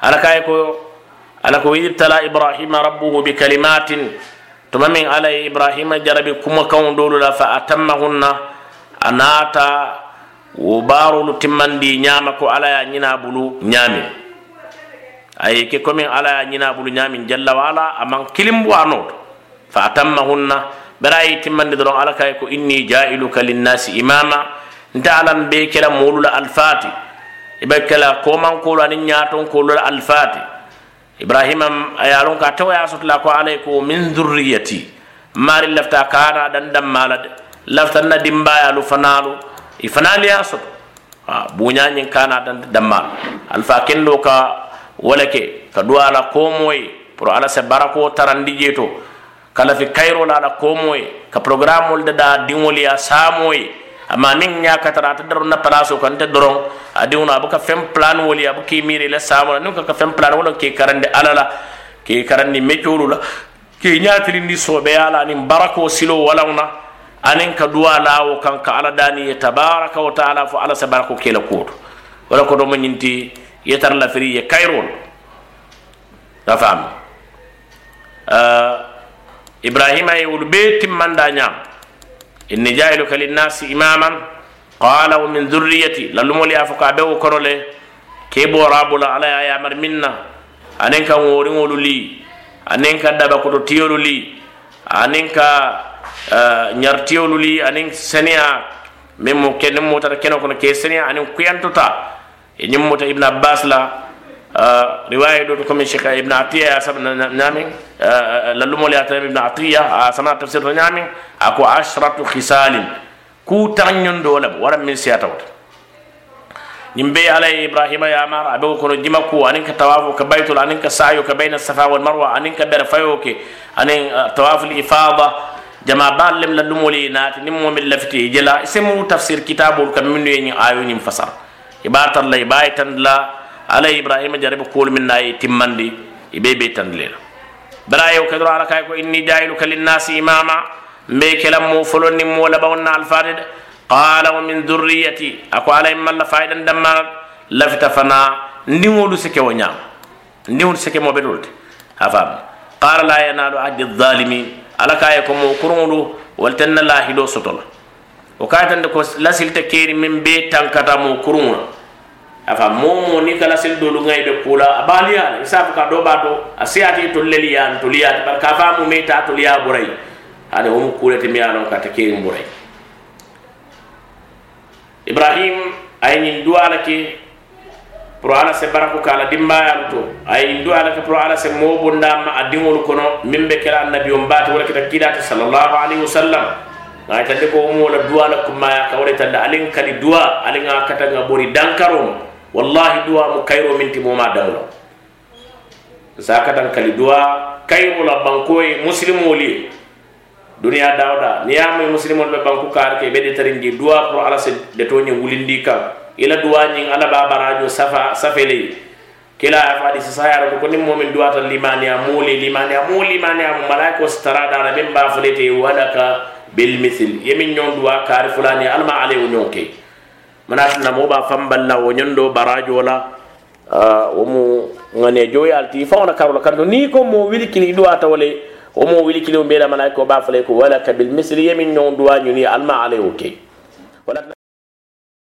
ala kaye ko ala ko wiirtala ibrahima rabbuhu bi kalimatin tuma min alaye ibrahima jarabi kumakaw dolula fa atammahunna a naata wo baarolu timmandi ñaama ko ala ya ñina bulu ñaamin aye ke komin ala ya ñina bulu ñaamin jalla wala aman kilimbo anoto fa atammahunna bara yi timmandi doron ala kaye ko inni jailuka linnasi imama nte alan be kela molula alfati i be kela komankolu aniŋ ñaatonkolu la alfaati ibrahima a ye a loŋ ko a tewo ye a sotola ko alla ko min durriyati maari lafita kaana dan damma la de lafita nna dimbayalu fanaalu i fanaali ye a soto buuña ñiŋ kaana dan dammalu alfa kendo ka wo le ke ka duwa a la koomoo ye pour alla se barakoo tarandi jee to ka lafi kayiro la a la ka programmolu de daa diŋolu ye a ama min ya katara ta daron na palaso kan ta doron adiuno abuka fem plan woli abuki mire la samo nu ka fem plan wolo ke karande alala ke karandi mecolu la ke ñatirindi soɓe ala nin barako silo walawna anin ka duwa lawo kan ka ala dani ye tabaraka wa taala fo ala sabarako kela kuwoto wala ko ɗomo ñinti yetar lafiri ye kayrol a faami ibrahima ye wolu ɓe timmanda ñaama inni jahiluka linnasi imaman qala wo min dhurriyati lallumol ya fo ka bewo korole ke boorabula ala ya yamar minna anen kan woriŋolu li anen kan dabakoto tiyolu li anen ka ñartiyolu eh, li anin seniya min mu ke nin mutata keno kono ke seniya anin kuyantota e ñin muta ibne abbas la riwaya ɗo to comme cheikh ibne atiya a saɓa ñamin lallumol ya tan ibne atiya a sama tafsir to ñamin a ko ashratu hisalin ku tañon do lab wara min siyata wata ñim be alay ibrahima yamar aɓe ko kono jima ku anin ka tawafo ka baytol anin ka sayo ka bayna safa wal marwa anin ka bere fayo ke anin tawaful ifada jama bal lem lallumol ye naati nin momin lafiti jela semu tafsir kitabol kam minnu ye ñin ayo ñin fasar iɓa tarla iɓa ye tan la ala ibrahima jarabe kuwolu min naye timmandi i be be tandilela bara yew ke doro ala kaye ko inni jailuka linnasi imama mbe kelam mo folon ni mo labaŋol na alfaade de qala wa min durriyati ako ala immalla fayidan dammana lafita fana ndiŋolu sike wo ñaama ndiŋolu sike mo betolu te a qala la yanalu ahdi zalimin ala kaye ko mo kuruŋolu waltenna lahido soto la wo kayitande ko lasilta keeri min be tankata mo kuruŋo afa momo ni kala sil dolu ngay be pula abaliya isa ka do bato asiyati to leliyan to liya bar ka fa mu meta to liya buray ade um kure te miyalo ka te kirim buray ibrahim ay ni duala ke pro ala se baraku kala dimbayalu to ay ni duala ke pro ala se mo bonda ma adingol kono mimbe kala annabi um baati wala kita kidatu sallallahu alaihi wasallam ay tande ko mo la duala kuma ka wala tande alin kali dua alinga kata ngaburi bori wallahi duwa mu kayro minti timo ma dangulo sakatan kali duwa kayro la banko muslim muslimu li duniya dawda ni ya mo muslimu be banku kar ke be de tarindi duwa pro ala se de wulindi ila duwa ni ala ba barajo safa safeli. kila afadi sa sayara ko ni momin duwa tan limani amuli limani amuli limani am malaiko starada na be ba fulete wadaka bil mithl yemin nyon duwa kar fulani alma ale wonyoke manatna moɓa famballa wo ñando barajo la womu ŋane joyalti faŋona karola kanto ni ko mo wili kili duwata wole womo wili kiliwo mbeɗa manaki ko ɓa falay ko walaka bilmisli yemin ñon duwa ñuni alma alay o key